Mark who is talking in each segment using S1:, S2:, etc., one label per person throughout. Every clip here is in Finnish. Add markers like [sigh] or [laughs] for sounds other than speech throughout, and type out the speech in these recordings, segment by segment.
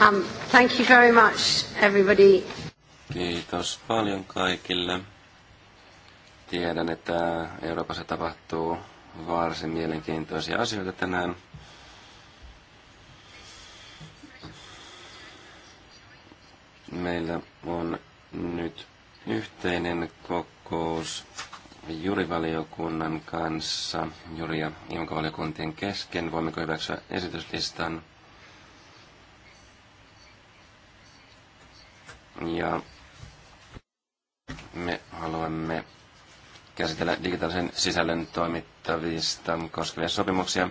S1: Um, thank you very much, everybody.
S2: Kiitos paljon kaikille. Tiedän, että Euroopassa tapahtuu varsin mielenkiintoisia asioita tänään. Meillä on nyt yhteinen kokous jurivaliokunnan kanssa, juri- ja kesken. Voimmeko hyväksyä esityslistan? ja me haluamme käsitellä digitaalisen sisällön toimittavista koskevia sopimuksia.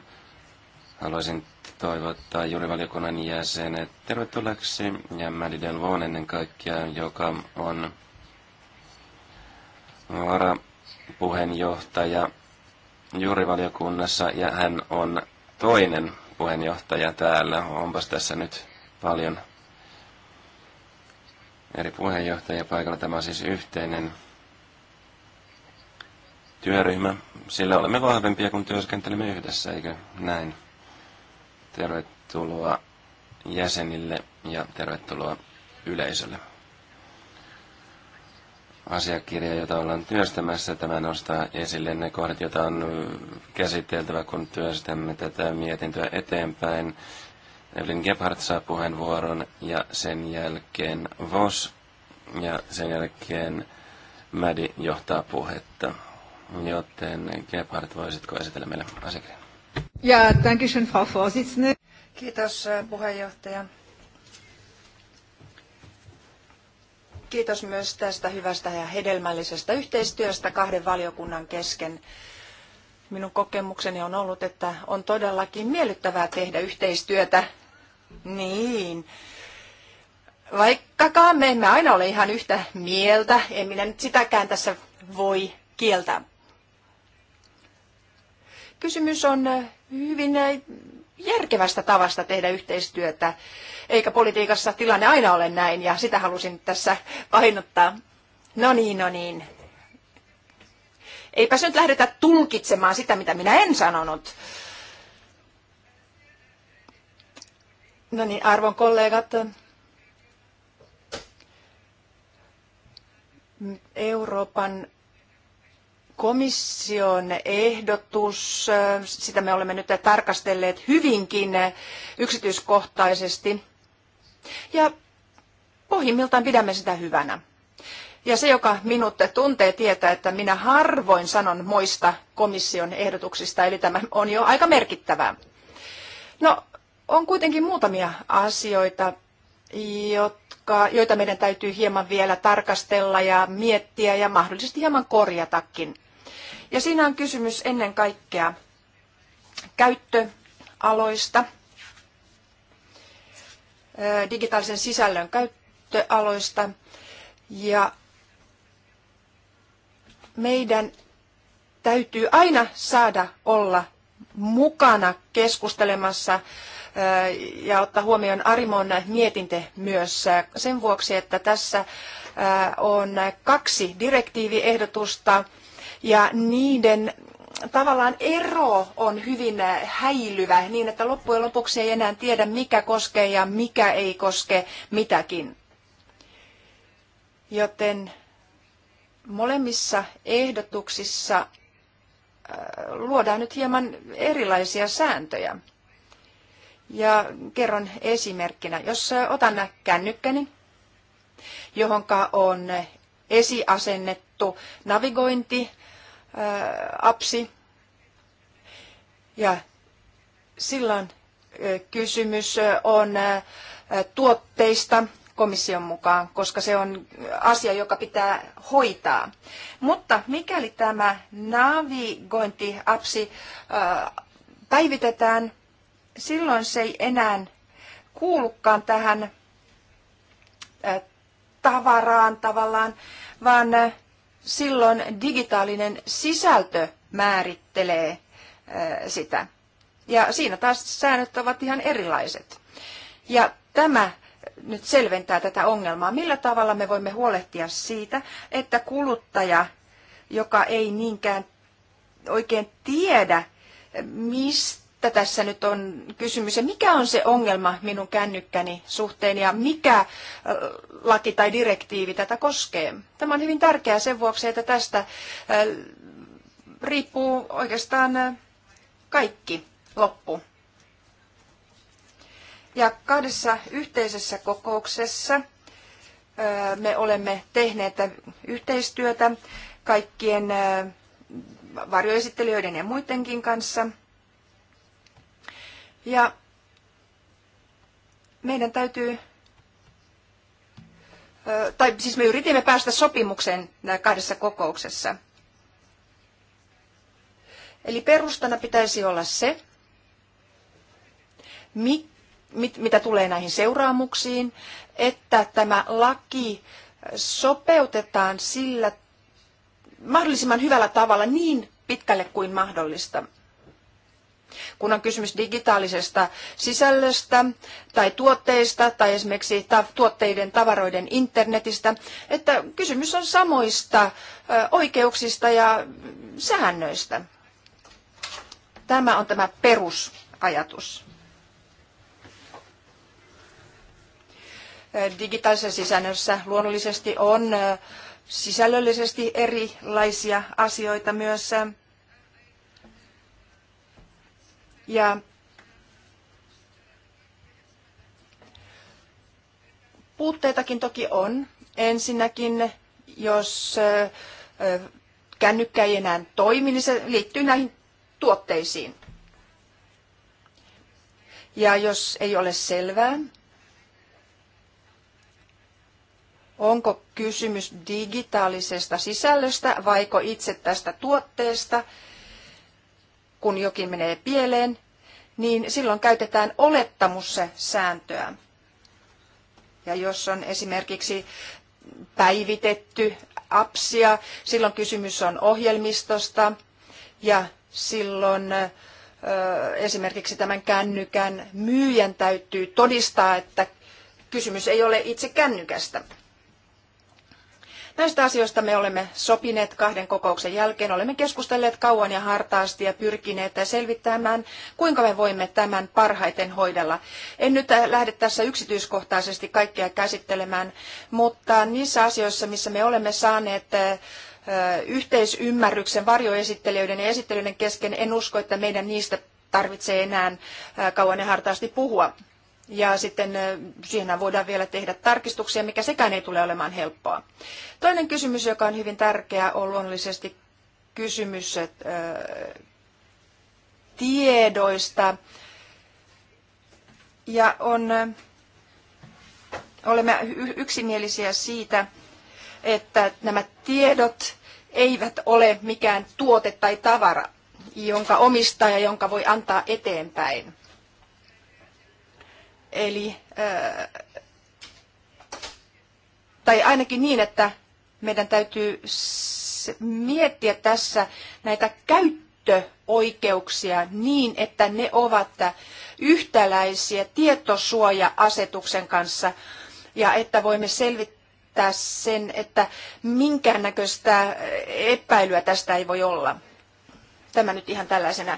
S2: Haluaisin toivottaa juurivaliokunnan jäsenet tervetulleeksi ja Mädi Delvon ennen kaikkea, joka on varapuheenjohtaja juurivaliokunnassa ja hän on toinen puheenjohtaja täällä. Onpas tässä nyt paljon eri puheenjohtajia paikalla. Tämä on siis yhteinen työryhmä, sillä olemme vahvempia, kun työskentelemme yhdessä, eikö näin? Tervetuloa jäsenille ja tervetuloa yleisölle. Asiakirja, jota ollaan työstämässä, tämä nostaa esille ne kohdat, joita on käsiteltävä, kun työstämme tätä mietintöä eteenpäin. Evelyn Gebhardt saa puheenvuoron ja sen jälkeen Vos ja sen jälkeen Mädi johtaa puhetta. Joten Gebhardt, voisitko esitellä meille asiakirjan?
S1: Ja, danke schön, Frau Vorsitzende. Kiitos äh, puheenjohtaja. Kiitos myös tästä hyvästä ja hedelmällisestä yhteistyöstä kahden valiokunnan kesken. Minun kokemukseni on ollut, että on todellakin miellyttävää tehdä yhteistyötä niin. Vaikkakaan me emme aina ole ihan yhtä mieltä, en minä nyt sitäkään tässä voi kieltää. Kysymys on äh, hyvin äh, järkevästä tavasta tehdä yhteistyötä, eikä politiikassa tilanne aina ole näin, ja sitä halusin tässä painottaa. No niin, no niin. Eipäs nyt lähdetä tulkitsemaan sitä, mitä minä en sanonut. No niin, arvon kollegat, Euroopan komission ehdotus, sitä me olemme nyt tarkastelleet hyvinkin yksityiskohtaisesti. Ja pohjimmiltaan pidämme sitä hyvänä. Ja se, joka minut tuntee, tietää, että minä harvoin sanon moista komission ehdotuksista, eli tämä on jo aika merkittävää. No, on kuitenkin muutamia asioita, jotka, joita meidän täytyy hieman vielä tarkastella ja miettiä ja mahdollisesti hieman korjatakin. Ja siinä on kysymys ennen kaikkea käyttöaloista, digitaalisen sisällön käyttöaloista ja meidän täytyy aina saada olla mukana keskustelemassa ja ottaa huomioon Arimon mietinte myös sen vuoksi, että tässä on kaksi direktiiviehdotusta ja niiden tavallaan ero on hyvin häilyvä niin, että loppujen lopuksi ei enää tiedä mikä koskee ja mikä ei koske mitäkin. Joten molemmissa ehdotuksissa luodaan nyt hieman erilaisia sääntöjä. Ja kerron esimerkkinä, jos otan kännykkäni, johonka on esiasennettu navigointi-apsi, äh, ja silloin äh, kysymys on äh, tuotteista komission mukaan, koska se on asia, joka pitää hoitaa. Mutta mikäli tämä navigointi-apsi päivitetään, silloin se ei enää kuulukaan tähän tavaraan tavallaan, vaan silloin digitaalinen sisältö määrittelee sitä. Ja siinä taas säännöt ovat ihan erilaiset. Ja tämä nyt selventää tätä ongelmaa. Millä tavalla me voimme huolehtia siitä, että kuluttaja, joka ei niinkään oikein tiedä, mistä mistä tässä nyt on kysymys ja mikä on se ongelma minun kännykkäni suhteen ja mikä laki tai direktiivi tätä koskee. Tämä on hyvin tärkeää sen vuoksi, että tästä riippuu oikeastaan kaikki loppu. Ja kahdessa yhteisessä kokouksessa me olemme tehneet yhteistyötä kaikkien varjoesittelijöiden ja muidenkin kanssa – ja meidän täytyy, tai siis me yritimme päästä sopimukseen kahdessa kokouksessa. Eli perustana pitäisi olla se, mitä tulee näihin seuraamuksiin, että tämä laki sopeutetaan sillä mahdollisimman hyvällä tavalla niin pitkälle kuin mahdollista. Kun on kysymys digitaalisesta sisällöstä tai tuotteista tai esimerkiksi tuotteiden tavaroiden internetistä, että kysymys on samoista oikeuksista ja säännöistä. Tämä on tämä perusajatus. Digitaalisessa sisällössä luonnollisesti on sisällöllisesti erilaisia asioita myös ja puutteitakin toki on. Ensinnäkin, jos kännykkä ei enää toimi, niin se liittyy näihin tuotteisiin. Ja jos ei ole selvää, onko kysymys digitaalisesta sisällöstä vaiko itse tästä tuotteesta, kun jokin menee pieleen, niin silloin käytetään olettamussääntöä. Ja jos on esimerkiksi päivitetty appsia, silloin kysymys on ohjelmistosta ja silloin esimerkiksi tämän kännykän myyjän täytyy todistaa, että kysymys ei ole itse kännykästä. Näistä asioista me olemme sopineet kahden kokouksen jälkeen. Olemme keskustelleet kauan ja hartaasti ja pyrkineet selvittämään, kuinka me voimme tämän parhaiten hoidella. En nyt lähde tässä yksityiskohtaisesti kaikkea käsittelemään, mutta niissä asioissa, missä me olemme saaneet yhteisymmärryksen varjoesittelijöiden ja esittelijöiden kesken, en usko, että meidän niistä tarvitsee enää kauan ja hartaasti puhua ja sitten siinä voidaan vielä tehdä tarkistuksia, mikä sekään ei tule olemaan helppoa. Toinen kysymys, joka on hyvin tärkeä, on luonnollisesti kysymys että, tiedoista. Ja on, olemme yksimielisiä siitä, että nämä tiedot eivät ole mikään tuote tai tavara, jonka omistaja, jonka voi antaa eteenpäin Eli, tai ainakin niin, että meidän täytyy miettiä tässä näitä käyttöoikeuksia niin, että ne ovat yhtäläisiä tietosuoja-asetuksen kanssa ja että voimme selvittää sen, että minkäännäköistä epäilyä tästä ei voi olla. Tämä nyt ihan tällaisena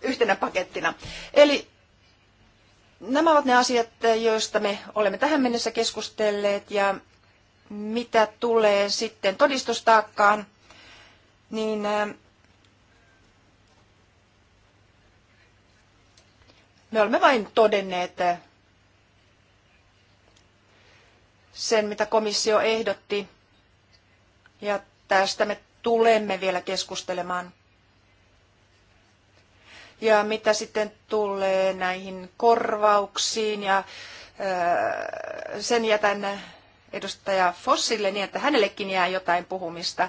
S1: yhtenä pakettina. Eli nämä ovat ne asiat, joista me olemme tähän mennessä keskustelleet ja mitä tulee sitten todistustaakkaan, niin äh, me olemme vain todenneet äh, sen, mitä komissio ehdotti. Ja tästä me tulemme vielä keskustelemaan ja mitä sitten tulee näihin korvauksiin ja äh, sen jätän edustaja Fossille niin, että hänellekin jää jotain puhumista.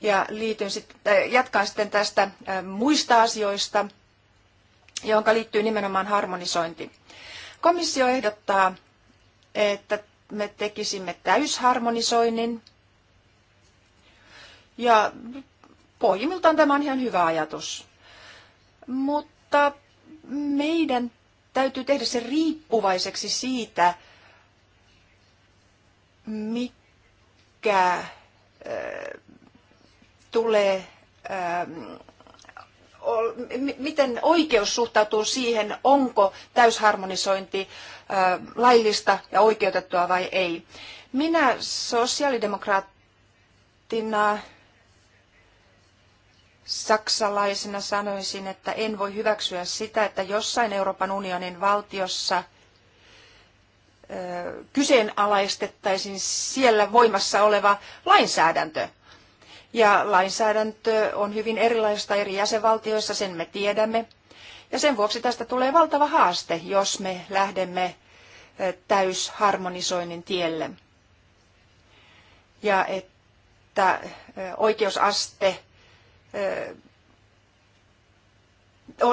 S1: Ja liityn sitten, äh, jatkan sitten tästä äh, muista asioista, johon liittyy nimenomaan harmonisointi. Komissio ehdottaa, että me tekisimme täysharmonisoinnin. Ja pohjimmiltaan tämä on ihan hyvä ajatus. Mutta meidän täytyy tehdä se riippuvaiseksi siitä, mikä äh, tulee, äh, m- miten oikeus suhtautuu siihen, onko täysharmonisointi äh, laillista ja oikeutettua vai ei. Minä sosiaalidemokraattina Saksalaisena sanoisin, että en voi hyväksyä sitä, että jossain Euroopan unionin valtiossa kyseenalaistettaisiin siellä voimassa oleva lainsäädäntö. Ja lainsäädäntö on hyvin erilaista eri jäsenvaltioissa, sen me tiedämme. Ja sen vuoksi tästä tulee valtava haaste, jos me lähdemme täysharmonisoinnin tielle. Ja että oikeusaste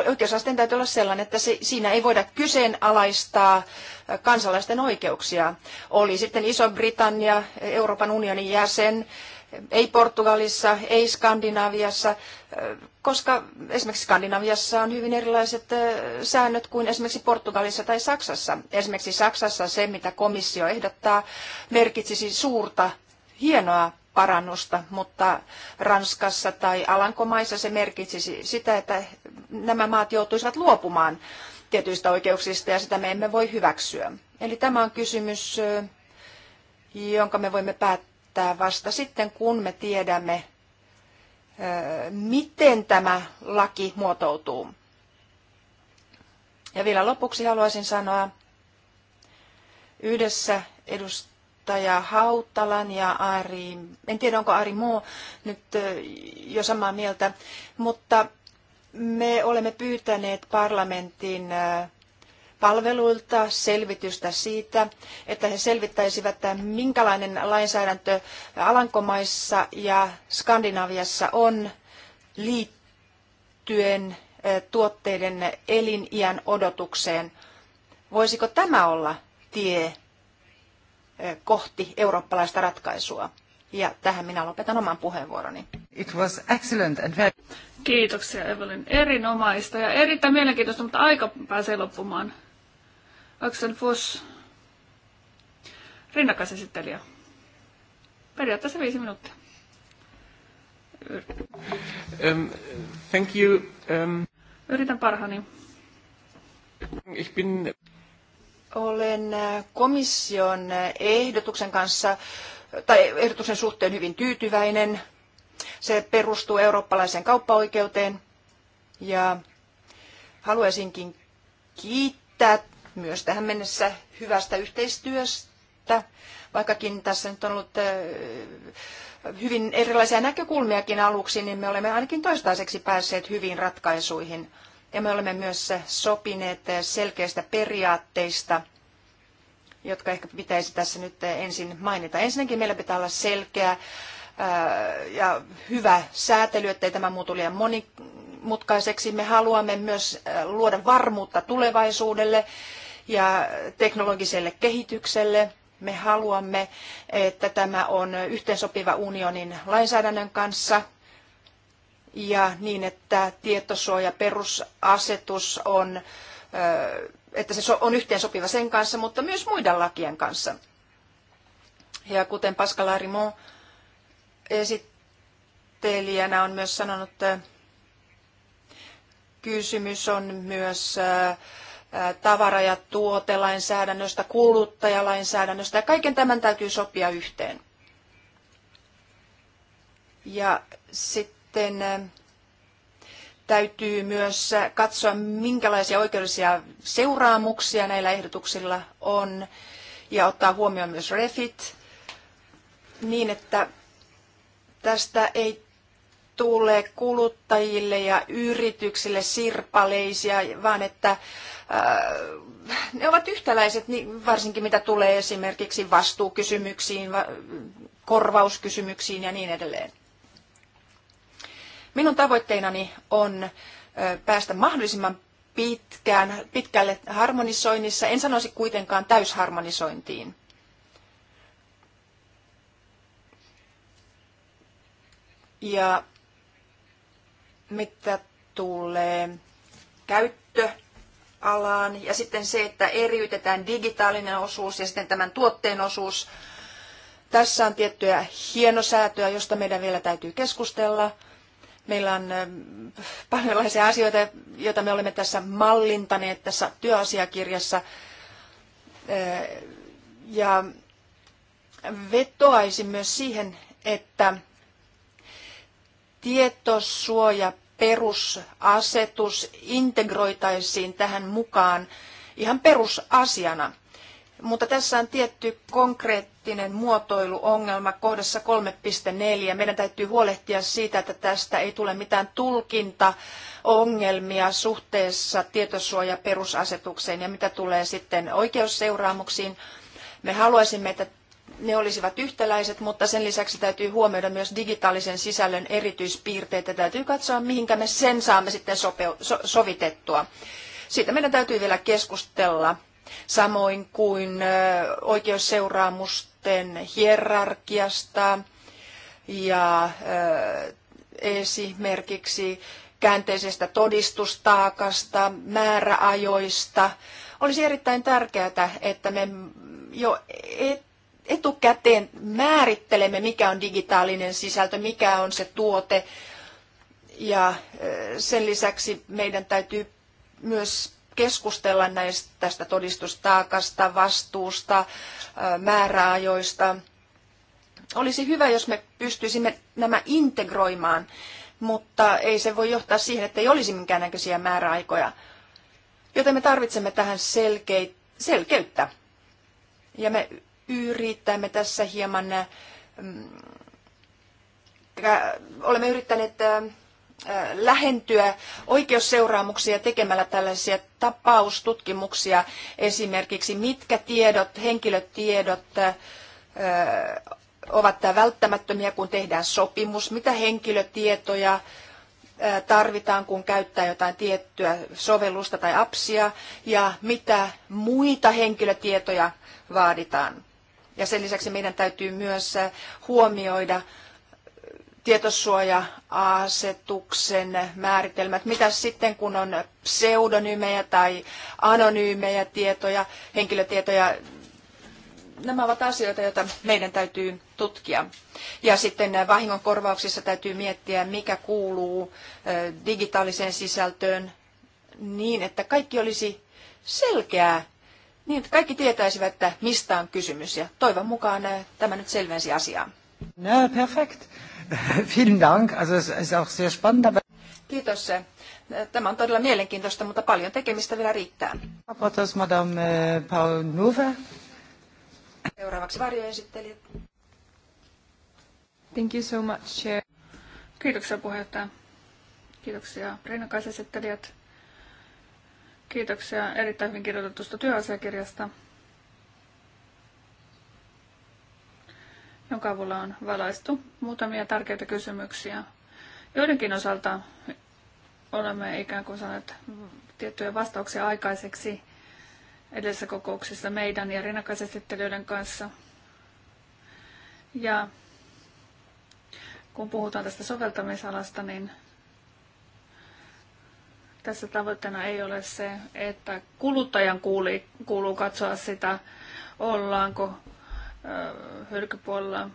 S1: oikeusasteen täytyy olla sellainen, että siinä ei voida kyseenalaistaa kansalaisten oikeuksia. Oli sitten Iso-Britannia, Euroopan unionin jäsen, ei Portugalissa, ei Skandinaviassa, koska esimerkiksi Skandinaviassa on hyvin erilaiset säännöt kuin esimerkiksi Portugalissa tai Saksassa. Esimerkiksi Saksassa se, mitä komissio ehdottaa, merkitsisi suurta hienoa parannusta, mutta Ranskassa tai Alankomaissa se merkitsisi sitä, että nämä maat joutuisivat luopumaan tietyistä oikeuksista ja sitä me emme voi hyväksyä. Eli tämä on kysymys, jonka me voimme päättää vasta sitten, kun me tiedämme, miten tämä laki muotoutuu. Ja vielä lopuksi haluaisin sanoa, yhdessä edustajien edustaja Hautalan ja Ari, en tiedä onko Ari Moo nyt jo samaa mieltä, mutta me olemme pyytäneet parlamentin palveluilta selvitystä siitä, että he selvittäisivät, että minkälainen lainsäädäntö Alankomaissa ja Skandinaviassa on liittyen tuotteiden eliniän odotukseen. Voisiko tämä olla tie kohti eurooppalaista ratkaisua. Ja tähän minä lopetan oman puheenvuoroni.
S3: It was excellent and very... Kiitoksia Evelyn. Erinomaista ja erittäin mielenkiintoista, mutta aika pääsee loppumaan. Axel Foss, rinnakkaisesittelijä. Periaatteessa viisi minuuttia.
S1: Um, thank you. Um...
S3: Yritän parhaani.
S2: Ich bin...
S1: Olen äh, komission äh, ehdotuksen kanssa tai ehdotuksen suhteen hyvin tyytyväinen. Se perustuu eurooppalaiseen kauppaoikeuteen ja haluaisinkin kiittää myös tähän mennessä hyvästä yhteistyöstä, vaikkakin tässä nyt on ollut äh, hyvin erilaisia näkökulmiakin aluksi, niin me olemme ainakin toistaiseksi päässeet hyviin ratkaisuihin. Ja me olemme myös sopineet selkeistä periaatteista, jotka ehkä pitäisi tässä nyt ensin mainita. Ensinnäkin meillä pitää olla selkeä ja hyvä säätely, ettei tämä muutu liian monimutkaiseksi. Me haluamme myös luoda varmuutta tulevaisuudelle ja teknologiselle kehitykselle. Me haluamme, että tämä on yhteensopiva unionin lainsäädännön kanssa, ja niin, että tietosuoja perusasetus on, että se on yhteensopiva sen kanssa, mutta myös muiden lakien kanssa. Ja kuten Pascal Arimon esittelijänä on myös sanonut, että kysymys on myös tavara- ja tuotelainsäädännöstä, kuluttajalainsäädännöstä ja kaiken tämän täytyy sopia yhteen. Ja sitten sitten täytyy myös katsoa, minkälaisia oikeudellisia seuraamuksia näillä ehdotuksilla on ja ottaa huomioon myös refit niin, että tästä ei tule kuluttajille ja yrityksille sirpaleisia, vaan että äh, ne ovat yhtäläiset, niin varsinkin mitä tulee esimerkiksi vastuukysymyksiin, korvauskysymyksiin ja niin edelleen. Minun tavoitteenani on päästä mahdollisimman pitkään, pitkälle harmonisoinnissa. En sanoisi kuitenkaan täysharmonisointiin. Ja mitä tulee käyttöalaan ja sitten se, että eriytetään digitaalinen osuus ja sitten tämän tuotteen osuus. Tässä on tiettyjä hienosäätöjä, josta meidän vielä täytyy keskustella – Meillä on erilaisia asioita, joita me olemme tässä mallintaneet tässä työasiakirjassa. Ja vetoaisin myös siihen, että tietosuoja perusasetus integroitaisiin tähän mukaan ihan perusasiana – mutta tässä on tietty konkreettinen muotoiluongelma kohdassa 3.4. Meidän täytyy huolehtia siitä, että tästä ei tule mitään tulkintaongelmia suhteessa tietosuojaperusasetukseen ja mitä tulee sitten oikeusseuraamuksiin. Me haluaisimme, että ne olisivat yhtäläiset, mutta sen lisäksi täytyy huomioida myös digitaalisen sisällön erityispiirteet ja täytyy katsoa, mihinkä me sen saamme sitten sopeu- so- sovitettua. Siitä meidän täytyy vielä keskustella samoin kuin oikeusseuraamusten hierarkiasta ja esimerkiksi käänteisestä todistustaakasta, määräajoista. Olisi erittäin tärkeää, että me jo etukäteen määrittelemme, mikä on digitaalinen sisältö, mikä on se tuote. Ja sen lisäksi meidän täytyy myös keskustella näistä, tästä todistustaakasta, vastuusta, määräajoista. Olisi hyvä, jos me pystyisimme nämä integroimaan, mutta ei se voi johtaa siihen, että ei olisi minkäännäköisiä määräaikoja. Joten me tarvitsemme tähän selkeyttä. Ja me yritämme tässä hieman, mm, olemme yrittäneet lähentyä oikeusseuraamuksia tekemällä tällaisia tapaustutkimuksia, esimerkiksi mitkä tiedot, henkilötiedot ovat välttämättömiä, kun tehdään sopimus, mitä henkilötietoja tarvitaan, kun käyttää jotain tiettyä sovellusta tai appsia ja mitä muita henkilötietoja vaaditaan. Ja sen lisäksi meidän täytyy myös huomioida tietosuoja-asetuksen määritelmät. Mitä sitten, kun on pseudonyymejä tai anonyymejä tietoja, henkilötietoja, nämä ovat asioita, joita meidän täytyy tutkia. Ja sitten vahingonkorvauksissa täytyy miettiä, mikä kuuluu digitaaliseen sisältöön niin, että kaikki olisi selkeää, niin että kaikki tietäisivät, että mistä on kysymys. Ja toivon mukaan tämä nyt selvensi asiaa.
S3: No, perfect. [laughs] Vielen Dank. Also es ist auch sehr spannend, aber...
S1: Kiitos. Tämä on todella mielenkiintoista, mutta paljon tekemistä vielä riittää. Raportos Madame äh, Paul Nuve. Seuraavaksi varjoesittelijä.
S3: Thank you so much, Chair. Kiitoksia puheenjohtaja. Kiitoksia rinnakkaisesittelijät. Kiitoksia erittäin hyvin kirjoitetusta työasiakirjasta. jonka avulla on valaistu muutamia tärkeitä kysymyksiä. Joidenkin osalta olemme ikään kuin saaneet tiettyjä vastauksia aikaiseksi edellisessä kokouksessa meidän ja rinnakkaisesittelijöiden kanssa. Ja kun puhutaan tästä soveltamisalasta, niin tässä tavoitteena ei ole se, että kuluttajan kuuli, kuuluu katsoa sitä, ollaanko hylkypuolella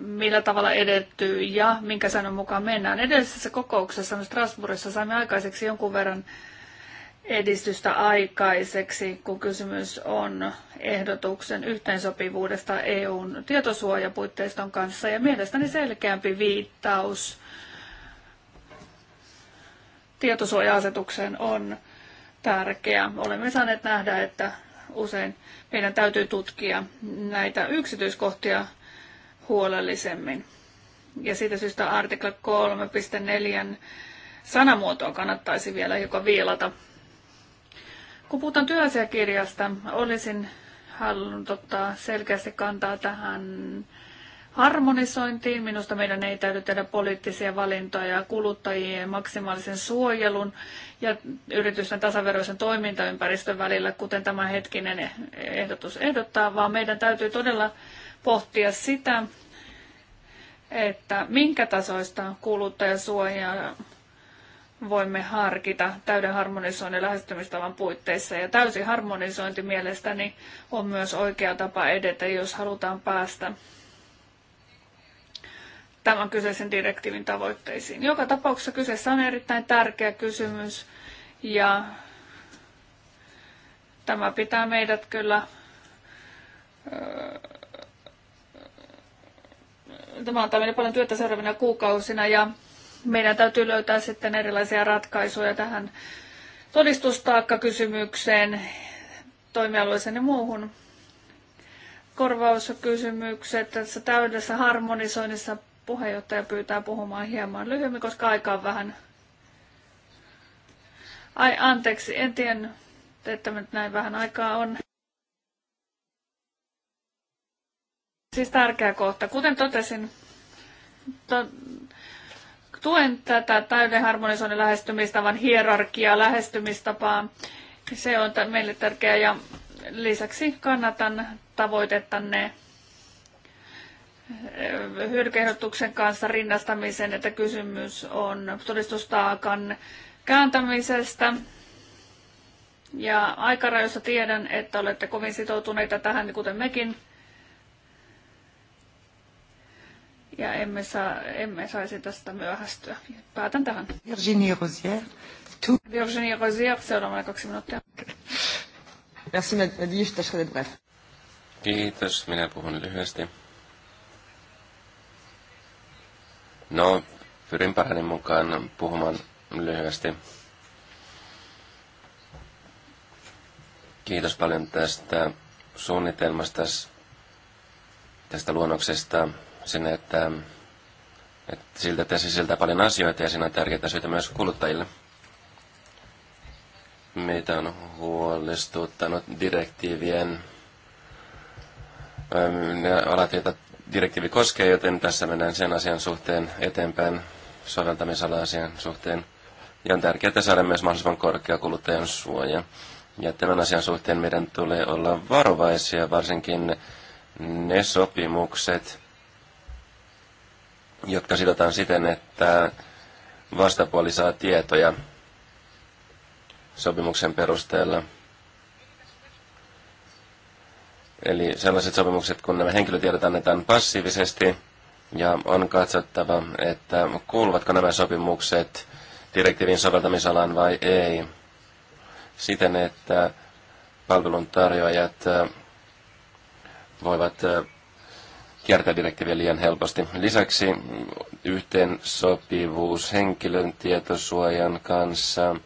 S3: millä tavalla edetty ja minkä sanon mukaan mennään. Edellisessä kokouksessa Strasbourgissa saimme aikaiseksi jonkun verran edistystä aikaiseksi, kun kysymys on ehdotuksen yhteensopivuudesta EUn tietosuojapuitteiston kanssa ja mielestäni selkeämpi viittaus tietosuoja-asetukseen on tärkeä. Olemme saaneet nähdä, että usein meidän täytyy tutkia näitä yksityiskohtia huolellisemmin. Ja siitä syystä artikla 3.4 sanamuotoa kannattaisi vielä joka viilata. Kun puhutaan työasiakirjasta, olisin halunnut ottaa selkeästi kantaa tähän harmonisointiin. Minusta meidän ei täytyy tehdä poliittisia valintoja kuluttajien maksimaalisen suojelun ja yritysten tasaveroisen toimintaympäristön välillä, kuten tämä hetkinen ehdotus ehdottaa, vaan meidän täytyy todella pohtia sitä, että minkä tasoista kuluttajasuojaa voimme harkita täyden harmonisoinnin lähestymistavan puitteissa. Ja täysi harmonisointi mielestäni on myös oikea tapa edetä, jos halutaan päästä tämän kyseisen direktiivin tavoitteisiin. Joka tapauksessa kyseessä on erittäin tärkeä kysymys ja tämä pitää meidät kyllä tämä antaa meille paljon työtä seuraavina kuukausina ja meidän täytyy löytää sitten erilaisia ratkaisuja tähän todistustaakkakysymykseen, toimialueeseen ja muuhun. Korvauskysymykset tässä täydessä harmonisoinnissa puheenjohtaja pyytää puhumaan hieman lyhyemmin, koska aika on vähän. Ai anteeksi, en tiennyt, että nyt näin vähän aikaa on. Siis tärkeä kohta. Kuten totesin, to, tuen tätä täyden harmonisoinnin lähestymistavan hierarkia lähestymistapaa. Se on meille tärkeää ja lisäksi kannatan tavoitettanne hyödykehdotuksen kanssa rinnastamisen, että kysymys on todistustaakan kääntämisestä. Ja aikarajoissa tiedän, että olette kovin sitoutuneita tähän, niin kuten mekin. Ja emme, saa, emme saisi tästä myöhästyä. Päätän tähän. Virginie Rosière. Tu... Virginie Rosière, seuraavana kaksi minuuttia. Merci, Nadine,
S2: Kiitos, minä puhun lyhyesti. No, pyrin parhaani mukaan puhumaan lyhyesti. Kiitos paljon tästä suunnitelmasta, tästä luonnoksesta. sinne, että että siltä, tässä sisältää paljon asioita ja siinä on tärkeitä syitä myös kuluttajille. Meitä on huolestuttanut direktiivien ähm, ne alat, joita direktiivi koskee, joten tässä mennään sen asian suhteen eteenpäin, soveltamisala-asian suhteen. Ja on tärkeää saada myös mahdollisimman korkea kuluttajan suoja. Ja tämän asian suhteen meidän tulee olla varovaisia, varsinkin ne sopimukset, jotka sidotaan siten, että vastapuoli saa tietoja sopimuksen perusteella Eli sellaiset sopimukset, kun nämä henkilötiedot annetaan passiivisesti, ja on katsottava, että kuuluvatko nämä sopimukset direktiivin soveltamisalaan vai ei. Siten, että palveluntarjoajat voivat kiertää direktiiviä liian helposti. Lisäksi yhteensopivuus henkilön tietosuojan kanssa –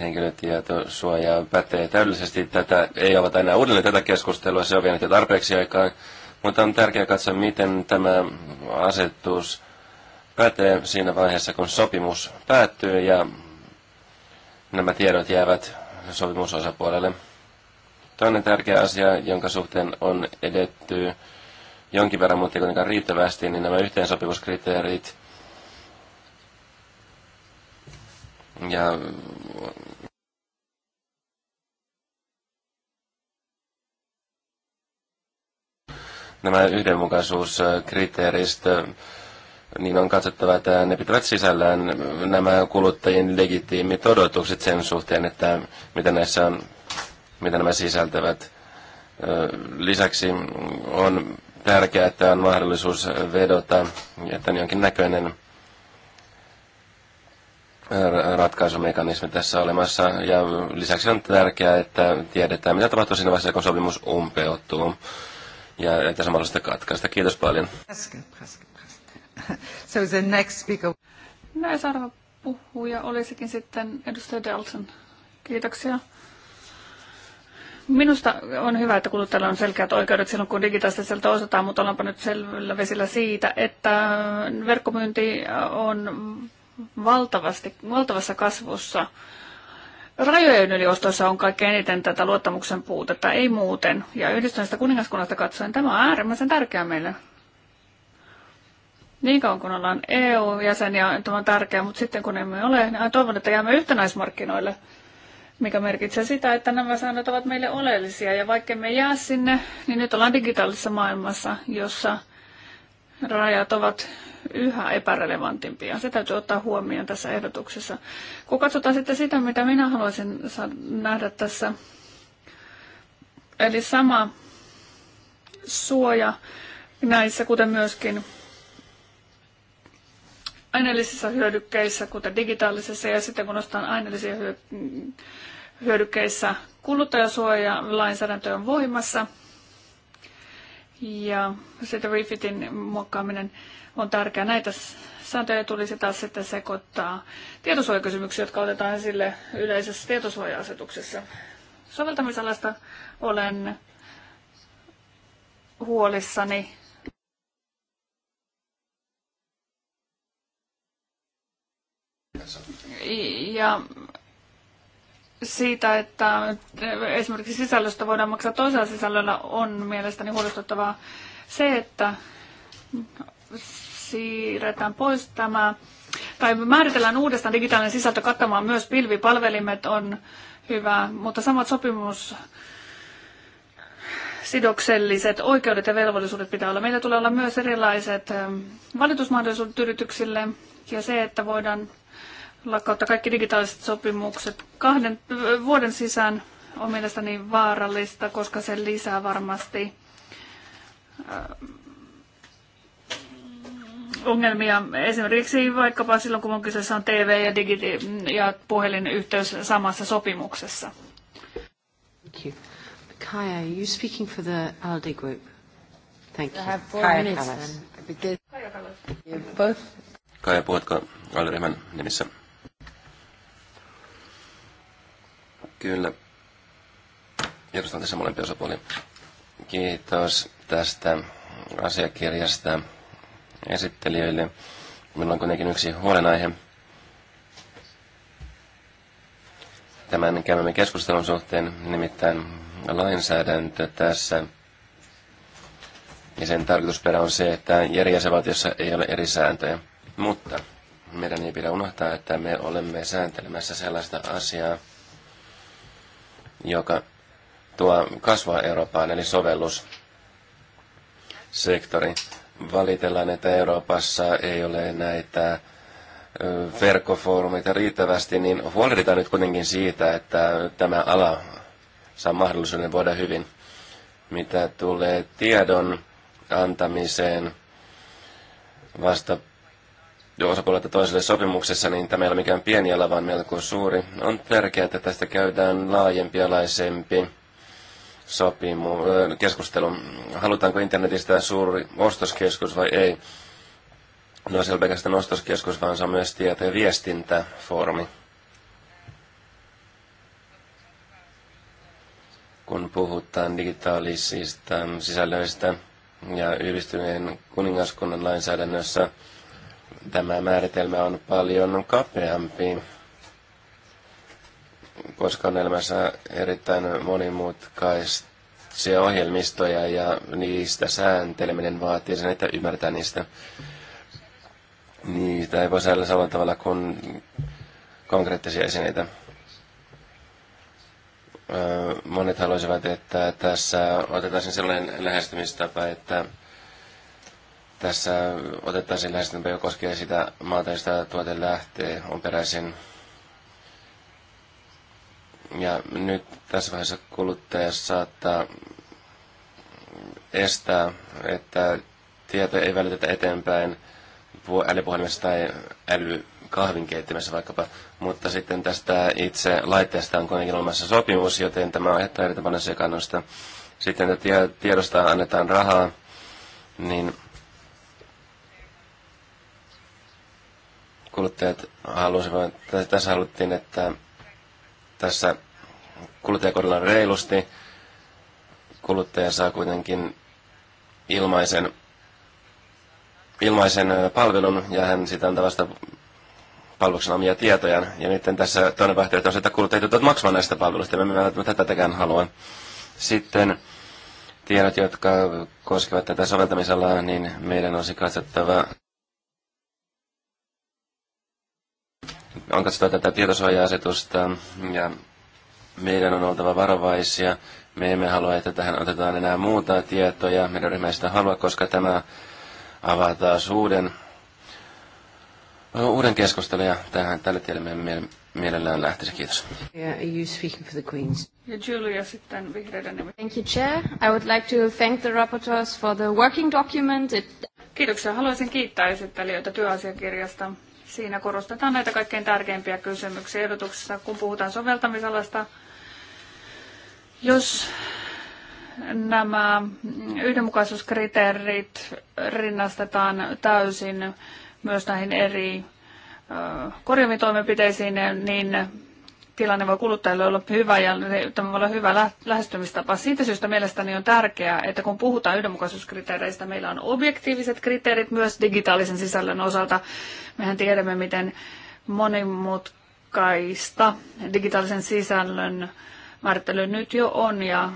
S2: henkilötietosuojaa pätee täydellisesti. Tätä ei avata enää uudelleen tätä keskustelua, se on vienyt jo tarpeeksi aikaa. Mutta on tärkeää katsoa, miten tämä asetus pätee siinä vaiheessa, kun sopimus päättyy ja nämä tiedot jäävät sopimusosapuolelle. Toinen tärkeä asia, jonka suhteen on edetty jonkin verran, mutta ei kuitenkaan riittävästi, niin nämä yhteensopivuuskriteerit – Ja nämä yhdenmukaisuuskriteerit niin on katsottava, että ne pitävät sisällään nämä kuluttajien legitiimit odotukset sen suhteen, että mitä näissä on, mitä nämä sisältävät. Lisäksi on tärkeää, että on mahdollisuus vedota, että on näköinen ratkaisumekanismi tässä olemassa. Ja lisäksi on tärkeää, että tiedetään, mitä tapahtuu siinä vaiheessa, kun sopimus umpeutuu. Ja että se mahdollista katkaista. Kiitos paljon.
S3: So the next speaker. Näin seuraava puhuja olisikin sitten edustaja Delson. Kiitoksia. Minusta on hyvä, että kuluttajalla on selkeät oikeudet silloin, kun digitaaliselta osataan, mutta ollaanpa nyt selvillä vesillä siitä, että verkkomyynti on valtavasti, valtavassa kasvussa. Rajojen yliostoissa on kaikkein eniten tätä luottamuksen puutetta, ei muuten. Ja yhdistyneestä kuningaskunnasta katsoen tämä on äärimmäisen tärkeää meille. Niin kauan kun ollaan EU-jäseniä, tämä on tärkeää, mutta sitten kun emme ole, niin toivon, että jäämme yhtenäismarkkinoille, mikä merkitsee sitä, että nämä säännöt ovat meille oleellisia. Ja vaikka me jää sinne, niin nyt ollaan digitaalisessa maailmassa, jossa rajat ovat yhä epärelevantimpia. Se täytyy ottaa huomioon tässä ehdotuksessa. Kun katsotaan sitten sitä, mitä minä haluaisin nähdä tässä, eli sama suoja näissä, kuten myöskin aineellisissa hyödykkeissä, kuten digitaalisessa, ja sitten kun nostan aineellisia hyödykkeissä, kuluttajasuoja lainsäädäntö on voimassa – ja sitä refitin muokkaaminen on tärkeää. Näitä sääntöjä tulisi taas sitten sekoittaa tietosuojakysymyksiä, jotka otetaan esille yleisessä tietosuoja-asetuksessa. Soveltamisalasta olen huolissani ja siitä, että esimerkiksi sisällöstä voidaan maksaa toisella sisällöllä, on mielestäni huolestuttavaa se, että siirretään pois tämä, tai määritellään uudestaan digitaalinen sisältö kattamaan myös pilvipalvelimet on hyvä, mutta samat sopimus sidokselliset oikeudet ja velvollisuudet pitää olla. Meillä tulee olla myös erilaiset ähm, valitusmahdollisuudet yrityksille ja se, että voidaan lakkauttaa kaikki digitaaliset sopimukset kahden vuoden sisään on mielestäni vaarallista, koska se lisää varmasti ongelmia. Esimerkiksi vaikkapa silloin, kun on kyseessä on TV- ja, digiti- ja puhelinyhteys samassa sopimuksessa.
S1: Thank you. Kaya, are you speaking for the ALDE group? Thank you. Kaya minutes Kallas. Kaya,
S2: Kaya, puhutko ALDE-ryhmän nimissä? Kyllä. Edustan tässä molempia osapuolia. Kiitos tästä asiakirjasta esittelijöille. Minulla on kuitenkin yksi huolenaihe. Tämän käymämme keskustelun suhteen, nimittäin lainsäädäntö tässä. Ja sen tarkoitusperä on se, että eri jäsenvaltiossa ei ole eri sääntöjä. Mutta meidän ei pidä unohtaa, että me olemme sääntelemässä sellaista asiaa, joka tuo kasvaa Eurooppaan, eli sovellussektori. Valitellaan, että Euroopassa ei ole näitä verkkofoorumeita riittävästi, niin huolehditaan nyt kuitenkin siitä, että tämä ala saa mahdollisuuden voida hyvin. Mitä tulee tiedon antamiseen vasta osapuolelta toiselle sopimuksessa, niin tämä ei ole mikään pieni ala, vaan melko suuri. On tärkeää, että tästä käydään laajempialaisempi sopimu, keskustelu. Halutaanko internetistä suuri ostoskeskus vai ei? No se ei ole pelkästään ostoskeskus, vaan se on myös tieto- ja viestintäfoorumi. Kun puhutaan digitaalisista sisällöistä ja yhdistyneen kuningaskunnan lainsäädännössä – tämä määritelmä on paljon kapeampi, koska on elämässä erittäin monimutkaisia ohjelmistoja ja niistä säänteleminen vaatii sen, että ymmärtää niistä. Niitä ei voi säädellä samalla tavalla kuin konkreettisia esineitä. Öö, monet haluaisivat, että tässä otetaan sellainen lähestymistapa, että tässä otettaisiin lähestymistä, joka koskee sitä maata, josta tuote lähtee, on peräisin. Ja nyt tässä vaiheessa kuluttaja saattaa estää, että tieto ei välitetä eteenpäin älypuhelimessa tai älykahvinkeittimessä vaikkapa, mutta sitten tästä itse laitteesta on kuitenkin olemassa sopimus, joten tämä aiheuttaa erittäin paljon sekannusta. Sitten että tiedosta annetaan rahaa, niin kuluttajat halusivat, tai tässä haluttiin, että tässä kuluttajakohdalla reilusti. Kuluttaja saa kuitenkin ilmaisen, ilmaisen palvelun ja hän sitä antaa vasta palveluksen omia tietojaan. Ja nyt tässä toinen vaihtoehto on se, että kuluttajat joutuvat maksamaan näistä palveluista. Me emme välttämättä tätäkään halua. Sitten tiedot, jotka koskevat tätä soveltamisalaa, niin meidän olisi katsottava on katsottava tätä tietosuoja-asetusta ja meidän on oltava varovaisia. Me emme halua, että tähän otetaan enää muuta tietoja. Meidän ryhmä sitä halua, koska tämä avaa taas uuden, uuden keskustelun ja tähän, tälle tielle me mielellään lähtisi. Kiitos. Yeah, you speaking for the Queens.
S3: Ja Julia sitten vihreiden nimi. Thank you, Chair. I would like to thank the rapporteurs for the working document. It... Kiitoksia. Haluaisin kiittää esittelijöitä työasiakirjasta. Siinä korostetaan näitä kaikkein tärkeimpiä kysymyksiä ehdotuksessa, kun puhutaan soveltamisalasta. Jos nämä yhdenmukaisuuskriteerit rinnastetaan täysin myös näihin eri korjaamitoimenpiteisiin, niin tilanne voi kuluttajille olla hyvä ja tämä voi olla hyvä lähestymistapa. Siitä syystä mielestäni on tärkeää, että kun puhutaan yhdenmukaisuuskriteereistä, meillä on objektiiviset kriteerit myös digitaalisen sisällön osalta. Mehän tiedämme, miten monimutkaista digitaalisen sisällön määrittely nyt jo on ja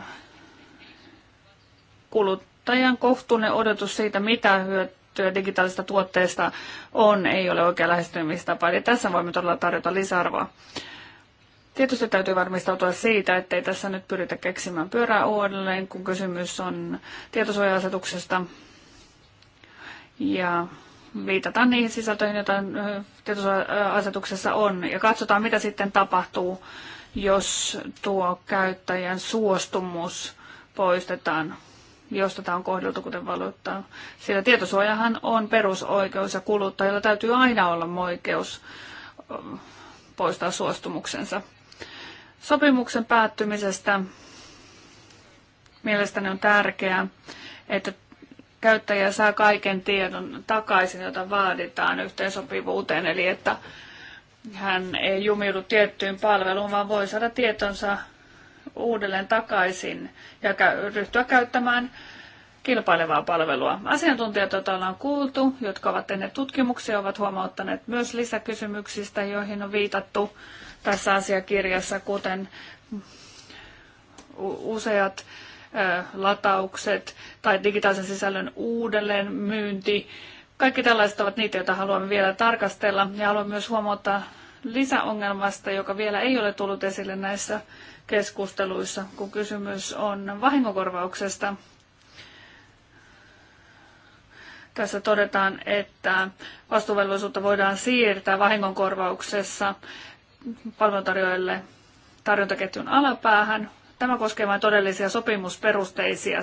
S3: kuluttajan kohtuullinen odotus siitä, mitä hyötyä digitaalista tuotteesta on, ei ole oikea lähestymistapa. Eli tässä voimme todella tarjota lisäarvoa. Tietysti täytyy varmistautua siitä, ettei tässä nyt pyritä keksimään pyörää uudelleen, kun kysymys on tietosuoja-asetuksesta. Ja viitataan niihin sisältöihin, joita tietosuoja-asetuksessa on, ja katsotaan, mitä sitten tapahtuu, jos tuo käyttäjän suostumus poistetaan, jos tätä on kohdeltu kuten valuuttaa. Sillä tietosuojahan on perusoikeus, ja kuluttajilla täytyy aina olla oikeus poistaa suostumuksensa sopimuksen päättymisestä. Mielestäni on tärkeää, että käyttäjä saa kaiken tiedon takaisin, jota vaaditaan yhteensopivuuteen, eli että hän ei jumiudu tiettyyn palveluun, vaan voi saada tietonsa uudelleen takaisin ja ryhtyä käyttämään kilpailevaa palvelua. Asiantuntijat, joita ollaan kuultu, jotka ovat tehneet tutkimuksia, ovat huomauttaneet myös lisäkysymyksistä, joihin on viitattu tässä asiakirjassa, kuten useat lataukset tai digitaalisen sisällön uudelleenmyynti. Kaikki tällaiset ovat niitä, joita haluamme vielä tarkastella. Ja haluan myös huomauttaa lisäongelmasta, joka vielä ei ole tullut esille näissä keskusteluissa, kun kysymys on vahingokorvauksesta. Tässä todetaan, että vastuuvelvollisuutta voidaan siirtää vahingonkorvauksessa palveluntarjoajille tarjontaketjun alapäähän. Tämä koskee vain todellisia sopimusperusteisia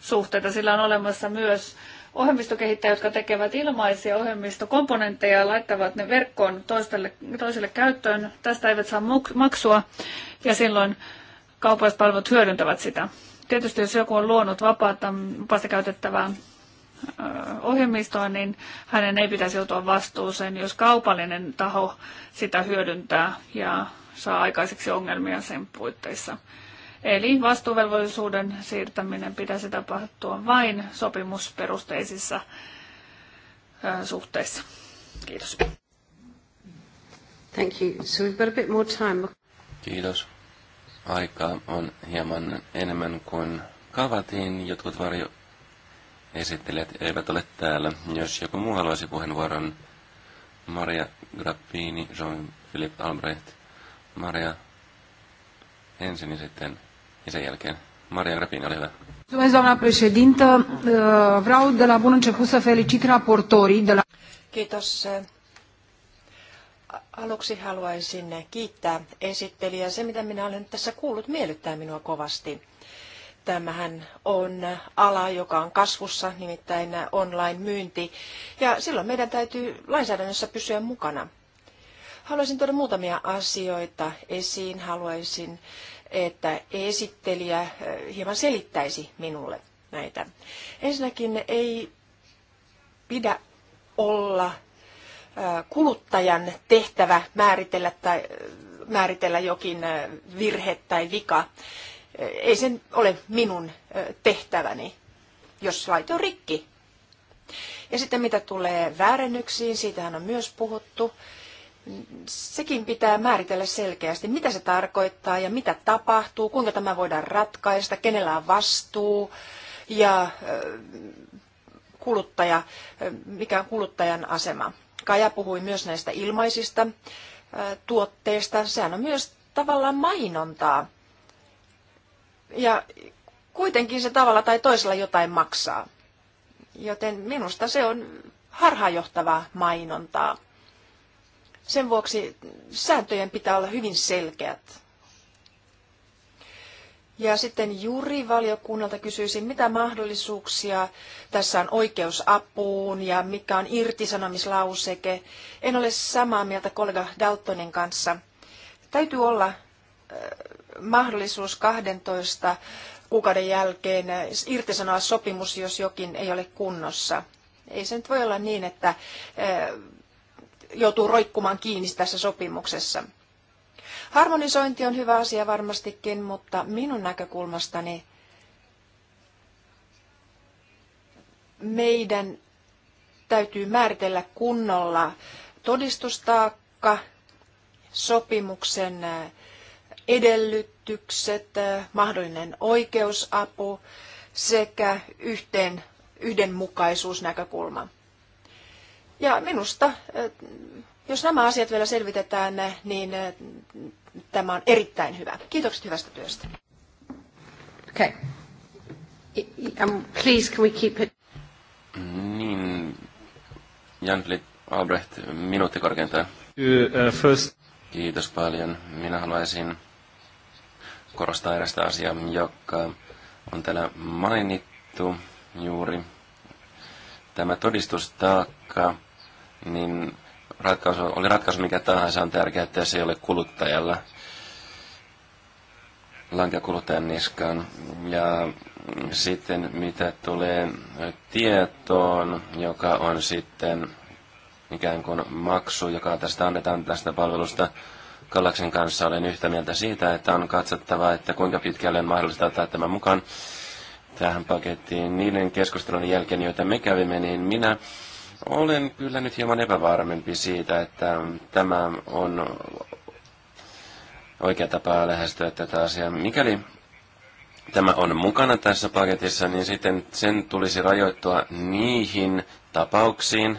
S3: suhteita. Sillä on olemassa myös ohjelmistokehittäjät, jotka tekevät ilmaisia ohjelmistokomponentteja ja laittavat ne verkkoon toiselle, toiselle käyttöön. Tästä eivät saa maksua ja silloin kaupalliset palvelut hyödyntävät sitä. Tietysti jos joku on luonut vapaata, vapaasta käytettävää ohjelmistoa, niin hänen ei pitäisi joutua vastuuseen, jos kaupallinen taho sitä hyödyntää ja saa aikaiseksi ongelmia sen puitteissa. Eli vastuuvelvollisuuden siirtäminen pitäisi tapahtua vain sopimusperusteisissa suhteissa. Kiitos. Thank you. So we've got a bit more time.
S2: Kiitos. Aika on hieman enemmän kuin kavatiin. Jotkut varjo esittelijät eivät ole täällä. Jos joku muu haluaisi puheenvuoron, Maria Grappini, Jean-Philippe Albrecht, Maria ensin ja sitten ja sen jälkeen. Maria Grappini, ole hyvä.
S1: Uh, Kiitos. Aluksi haluaisin kiittää esittelijää. Se, mitä minä olen tässä kuullut, miellyttää minua kovasti tämähän on ala, joka on kasvussa, nimittäin online-myynti. Ja silloin meidän täytyy lainsäädännössä pysyä mukana. Haluaisin tuoda muutamia asioita esiin. Haluaisin, että esittelijä eh, hieman selittäisi minulle näitä. Ensinnäkin ei pidä olla eh, kuluttajan tehtävä määritellä, tai, eh, määritellä jokin virhe tai vika ei sen ole minun tehtäväni, jos laite on rikki. Ja sitten mitä tulee väärennyksiin, siitähän on myös puhuttu. Sekin pitää määritellä selkeästi, mitä se tarkoittaa ja mitä tapahtuu, kuinka tämä voidaan ratkaista, kenellä on vastuu ja kuluttaja, mikä on kuluttajan asema. Kaja puhui myös näistä ilmaisista tuotteista. Sehän on myös tavallaan mainontaa ja kuitenkin se tavalla tai toisella jotain maksaa. Joten minusta se on harhaanjohtavaa mainontaa. Sen vuoksi sääntöjen pitää olla hyvin selkeät. Ja sitten valiokunnalta kysyisin, mitä mahdollisuuksia tässä on oikeusapuun ja mikä on irtisanomislauseke. En ole samaa mieltä kollega Daltonin kanssa. Täytyy olla äh, mahdollisuus 12 kuukauden jälkeen irtisanoa sopimus, jos jokin ei ole kunnossa. Ei se nyt voi olla niin, että eh, joutuu roikkumaan kiinni tässä sopimuksessa. Harmonisointi on hyvä asia varmastikin, mutta minun näkökulmastani meidän täytyy määritellä kunnolla todistustaakka, sopimuksen eh, edellytykset, eh, mahdollinen oikeusapu sekä yhteen, yhdenmukaisuusnäkökulma. Ja minusta, eh, jos nämä asiat vielä selvitetään, eh, niin tämä on erittäin hyvä. Kiitokset hyvästä työstä. Okay. Um, please, can we keep it?
S2: Niin, jan Albrecht, minuutti korkeintaan. Uh, uh, first. Kiitos paljon. Minä haluaisin korostaa erästä asiaa, joka on täällä mainittu juuri. Tämä todistustaakka, niin ratkaisu, oli ratkaisu mikä tahansa, on tärkeää, että se ei ole kuluttajalla lanka kuluttajan niskaan. Ja sitten mitä tulee tietoon, joka on sitten ikään kuin maksu, joka tästä annetaan tästä palvelusta, Kallaksen kanssa olen yhtä mieltä siitä, että on katsottava, että kuinka pitkälle on mahdollista ottaa tämän mukaan tähän pakettiin. Niiden keskustelun jälkeen, joita me kävimme, niin minä olen kyllä nyt hieman epävarmempi siitä, että tämä on oikea tapa lähestyä tätä asiaa. Mikäli tämä on mukana tässä paketissa, niin sitten sen tulisi rajoittua niihin tapauksiin,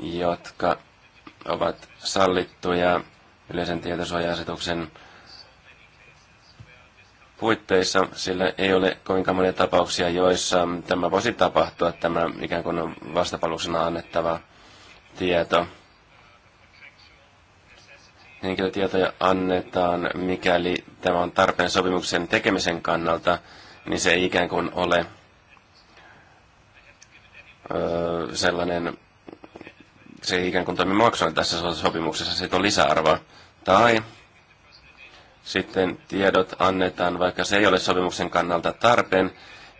S2: jotka ovat sallittuja yleisen tietosuoja-asetuksen puitteissa, sillä ei ole kovinkaan monia tapauksia, joissa tämä voisi tapahtua, tämä ikään kuin vastapaluksena annettava tieto. Henkilötietoja annetaan, mikäli tämä on tarpeen sopimuksen tekemisen kannalta, niin se ei ikään kuin ole öö, sellainen se ikään kuin toimi maksoin tässä sopimuksessa, siitä on lisäarvoa. Tai sitten tiedot annetaan, vaikka se ei ole sopimuksen kannalta tarpeen,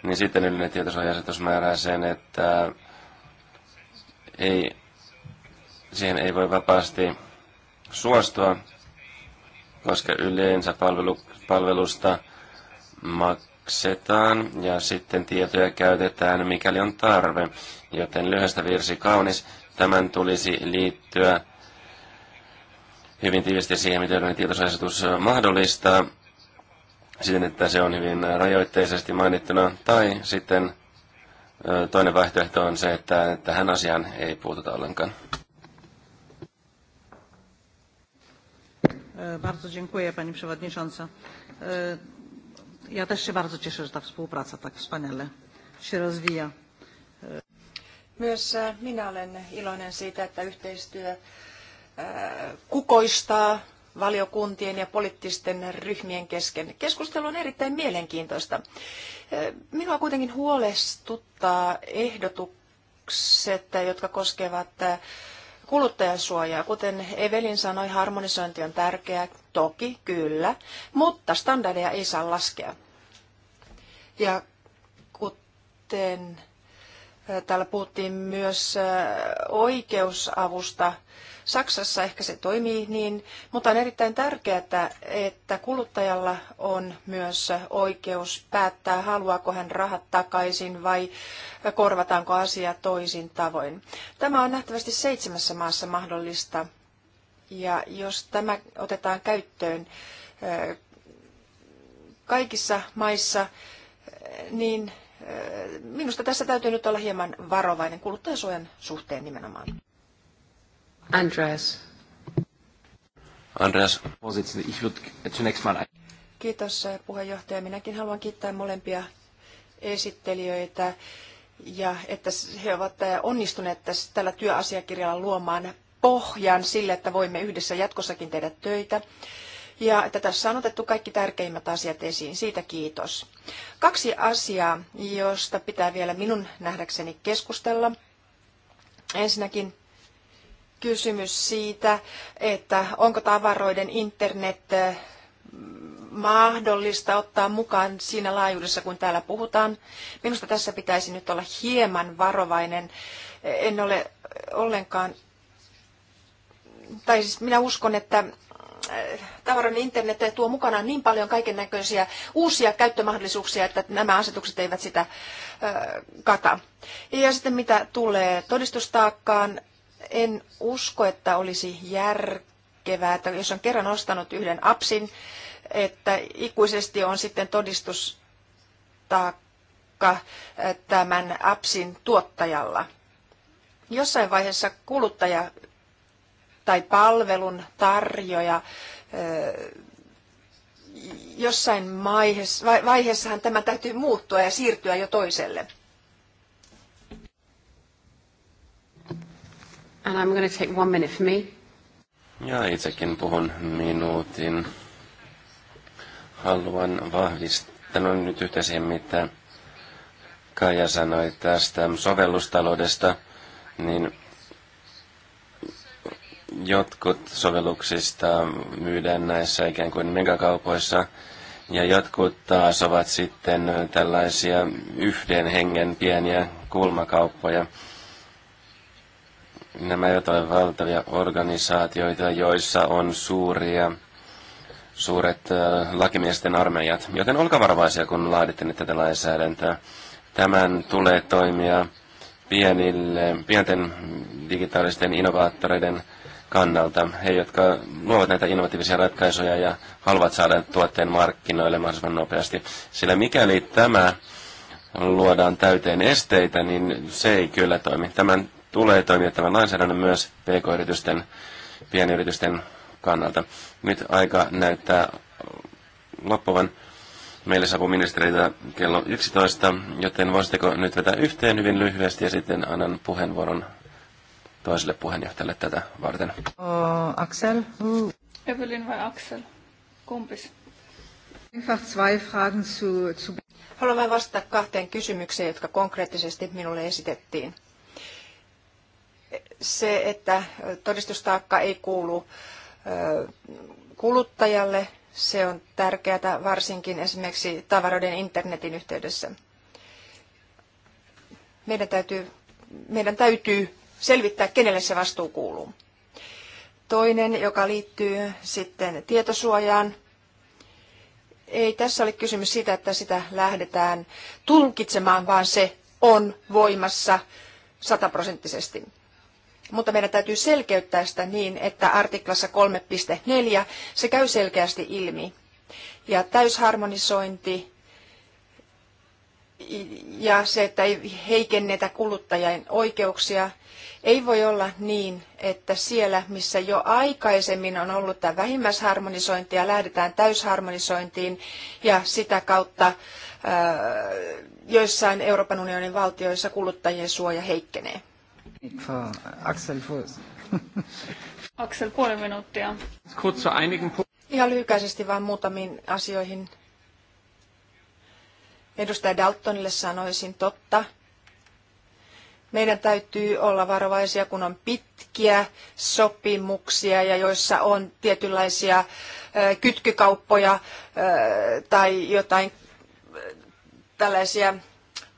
S2: niin sitten yleinen tietosuoja-asetus määrää sen, että ei, siihen ei voi vapaasti suostua, koska yleensä palvelu, palvelusta mak- maksetaan ja sitten tietoja käytetään, mikäli on tarve. Joten lyhyestä virsi kaunis, tämän tulisi liittyä hyvin tiivisti siihen, miten tietosuojasetus mahdollistaa, siten että se on hyvin rajoitteisesti mainittuna, tai sitten toinen vaihtoehto on se, että tähän asiaan ei puututa ollenkaan.
S3: E, bardzo dziękuję Pani Przewodnicząca. E, ja też się bardzo cieszę, że ta współpraca tak wspaniale się rozwija. Myös e, minä
S1: olen iloinen siitä, että yhteistyö e, kukoistaa valiokuntien ja poliittisten ryhmien kesken. Keskustelu on erittäin mielenkiintoista. E, minua kuitenkin huolestuttaa ehdotukset, jotka koskevat kuluttajansuojaa. Kuten Evelin sanoi, harmonisointi on tärkeää toki kyllä, mutta standardeja ei saa laskea. Ja kuten täällä puhuttiin myös oikeusavusta, Saksassa ehkä se toimii niin, mutta on erittäin tärkeää, että kuluttajalla on myös oikeus päättää, haluaako hän rahat takaisin vai korvataanko asia toisin tavoin. Tämä on nähtävästi seitsemässä maassa mahdollista ja jos tämä otetaan käyttöön kaikissa maissa, niin minusta tässä täytyy nyt olla hieman varovainen kuluttajasuojan suhteen nimenomaan. Andreas. Andreas. Kiitos puheenjohtaja. Minäkin haluan kiittää molempia esittelijöitä ja että he ovat onnistuneet tässä, tällä työasiakirjalla luomaan pohjan sille, että voimme yhdessä jatkossakin tehdä töitä. Ja että tässä on otettu kaikki tärkeimmät asiat esiin. Siitä kiitos. Kaksi asiaa, josta pitää vielä minun nähdäkseni keskustella. Ensinnäkin kysymys siitä, että onko tavaroiden internet mahdollista ottaa mukaan siinä laajuudessa, kun täällä puhutaan. Minusta tässä pitäisi nyt olla hieman varovainen. En ole ollenkaan tai siis minä uskon, että äh, tavaran internet tuo mukanaan niin paljon kaiken näköisiä uusia käyttömahdollisuuksia, että nämä asetukset eivät sitä äh, kata. Ja sitten mitä tulee todistustaakkaan, en usko, että olisi järkevää, että jos on kerran ostanut yhden apsin, että ikuisesti on sitten todistustaakka äh, tämän apsin tuottajalla. Jossain vaiheessa kuluttaja tai palvelun tarjoja. jossain vaiheessa, vaiheessahan tämä täytyy muuttua ja siirtyä jo toiselle. And I'm going to take one minute for me.
S2: Ja itsekin puhun minuutin. Haluan vahvistaa no nyt yhtä siihen, mitä Kaija sanoi tästä sovellustaloudesta, niin jotkut sovelluksista myydään näissä ikään kuin megakaupoissa, ja jotkut taas ovat sitten tällaisia yhden hengen pieniä kulmakauppoja. Nämä eivät ole valtavia organisaatioita, joissa on suuria, suuret äh, lakimiesten armeijat. Joten olkaa varovaisia, kun laaditte nyt tätä lainsäädäntöä. Tämän tulee toimia pienille, pienten digitaalisten innovaattoreiden kannalta. He, jotka luovat näitä innovatiivisia ratkaisuja ja haluavat saada tuotteen markkinoille mahdollisimman nopeasti. Sillä mikäli tämä luodaan täyteen esteitä, niin se ei kyllä toimi. Tämän tulee toimia tämän lainsäädännön myös pk-yritysten, pienyritysten kannalta. Nyt aika näyttää loppuvan. Meille saapuu ministeriltä kello 11, joten voisitteko nyt vetää yhteen hyvin lyhyesti ja sitten annan puheenvuoron toiselle puheenjohtajalle tätä varten. Uh,
S3: Axel? Uh. Evelyn vai Axel? Kumpis? Haluan vain
S1: vastata kahteen kysymykseen, jotka konkreettisesti minulle esitettiin. Se, että todistustaakka ei kuulu kuluttajalle, se on tärkeää varsinkin esimerkiksi tavaroiden internetin yhteydessä. Meidän täytyy, meidän täytyy selvittää, kenelle se vastuu kuuluu. Toinen, joka liittyy sitten tietosuojaan. Ei tässä ole kysymys siitä, että sitä lähdetään tulkitsemaan, vaan se on voimassa sataprosenttisesti. Mutta meidän täytyy selkeyttää sitä niin, että artiklassa 3.4 se käy selkeästi ilmi. Ja täysharmonisointi ja se, että ei heikennetä kuluttajien oikeuksia, ei voi olla niin, että siellä, missä jo aikaisemmin on ollut tämä ja lähdetään täysharmonisointiin ja sitä kautta äh, joissain Euroopan unionin valtioissa kuluttajien suoja heikkenee. Axel [laughs] Axel, puoli minuuttia. Ihan lyhykäisesti vain muutamiin asioihin. Edustaja Daltonille sanoisin totta. Meidän täytyy olla varovaisia, kun on pitkiä sopimuksia ja joissa on tietynlaisia kytkykauppoja tai jotain tällaisia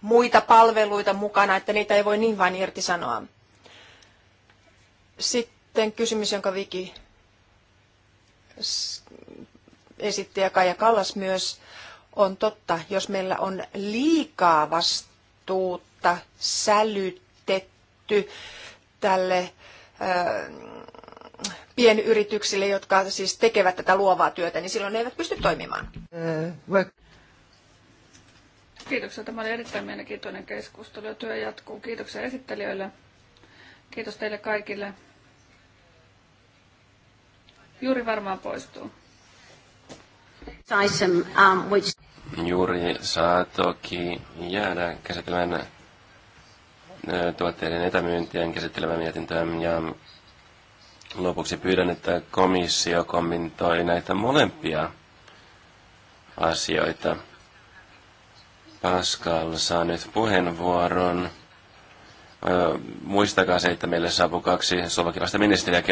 S1: muita palveluita mukana, että niitä ei voi niin vain irtisanoa. Sitten kysymys, jonka Viki esitti ja Kaija Kallas myös, on totta, jos meillä on liikaa vastuuta sälyt tehty tälle äh, pienyrityksille, jotka siis tekevät tätä luovaa työtä, niin silloin ne eivät pysty toimimaan.
S3: Kiitoksia. Tämä oli erittäin mielenkiintoinen keskustelu ja työ jatkuu. Kiitoksia esittelijöille. Kiitos teille kaikille. Juuri varmaan poistuu.
S2: Um, Juuri saa toki jäädä käsittelemään tuotteiden etämyyntiä käsittelevä mietintö. ja lopuksi pyydän, että komissio kommentoi näitä molempia asioita. Pascal saa nyt puheenvuoron. Muistakaa se, että meille saapuu kaksi slovakilasta ministeriä